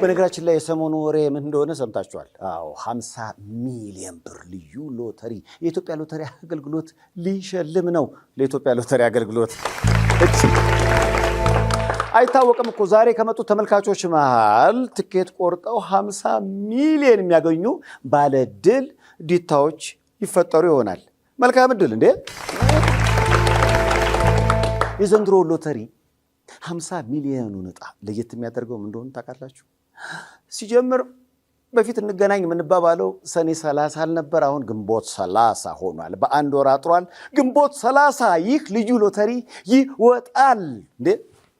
በነገራችን ላይ የሰሞኑ ወሬ ምን እንደሆነ ሰምታችኋል? አዎ 50 ሚሊዮን ብር ልዩ ሎተሪ የኢትዮጵያ ሎተሪ አገልግሎት ሊሸልም ነው። ለኢትዮጵያ ሎተሪ አገልግሎት አይታወቅም እኮ ዛሬ ከመጡት ተመልካቾች መሃል ትኬት ቆርጠው 50 ሚሊዮን የሚያገኙ ባለድል ዲታዎች ይፈጠሩ ይሆናል። መልካም እድል እንዴ! የዘንድሮ ሎተሪ 50 ሚሊዮኑን ዕጣ ለየት የሚያደርገው ምን እንደሆነ ታውቃላችሁ? ሲጀምር በፊት እንገናኝ የምንባባለው ሰኔ ሰላሳ አልነበር? አሁን ግንቦት ሰላሳ ሆኗል። በአንድ ወር አጥሯል። ግንቦት ሰላሳ ይህ ልዩ ሎተሪ ይወጣል እንዴ!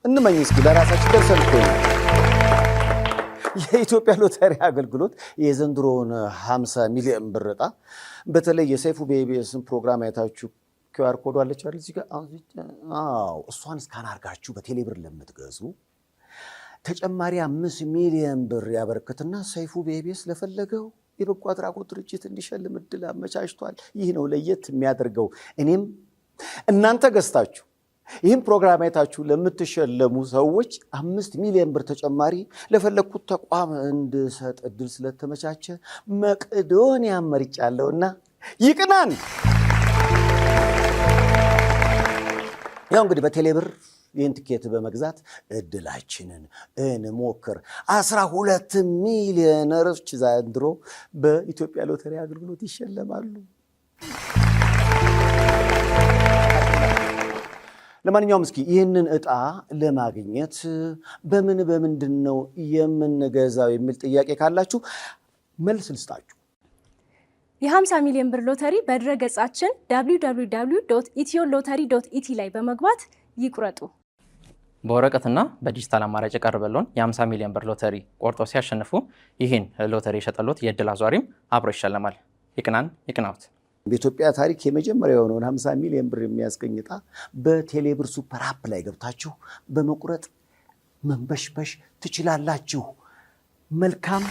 እንመኝ እስኪ ለራሳችን ደርሰን የኢትዮጵያ ሎተሪ አገልግሎት የዘንድሮውን 50 ሚሊዮን ብር ዕጣ በተለይ የሰይፉ ቤቤስን ፕሮግራም አይታችሁ ኪዋር ኮዱ አለች አይደል? እዚህ ጋር እሷን እስካን አርጋችሁ በቴሌብር ለምትገዙ ተጨማሪ አምስት ሚሊዮን ብር ያበረክትና ሰይፉ በኢቢኤስ ለፈለገው የበጎ አድራጎት ድርጅት እንዲሸልም እድል አመቻችቷል። ይህ ነው ለየት የሚያደርገው። እኔም እናንተ ገዝታችሁ ይህም ፕሮግራም አይታችሁ ለምትሸለሙ ሰዎች አምስት ሚሊዮን ብር ተጨማሪ ለፈለግኩት ተቋም እንድሰጥ እድል ስለተመቻቸ መቅዶንያ መርጫለሁና ይቅናን። ያው እንግዲህ በቴሌብር ይህን ትኬት በመግዛት እድላችንን እንሞክር። አስራ ሁለት ሚሊዮነሮች ዘንድሮ በኢትዮጵያ ሎተሪ አገልግሎት ይሸለማሉ። ለማንኛውም እስኪ ይህንን እጣ ለማግኘት በምን በምንድን ነው የምንገዛው የሚል ጥያቄ ካላችሁ መልስ ልስጣችሁ። የ50 ሚሊዮን ብር ሎተሪ በድረገጻችን ኢትዮ ሎተሪ ዶት ኢቲ ላይ በመግባት ይቁረጡ። በወረቀትና በዲጂታል አማራጭ የቀረበለውን የ50 ሚሊዮን ብር ሎተሪ ቆርጦ ሲያሸንፉ ይህን ሎተሪ የሸጠሎት የእድል አዟሪም አብሮ ይሸለማል። ይቅናን ይቅናውት። በኢትዮጵያ ታሪክ የመጀመሪያ የሆነውን 50 ሚሊዮን ብር የሚያስገኝ ዕጣ በቴሌብር ሱፐር አፕ ላይ ገብታችሁ በመቁረጥ መንበሽበሽ ትችላላችሁ። መልካም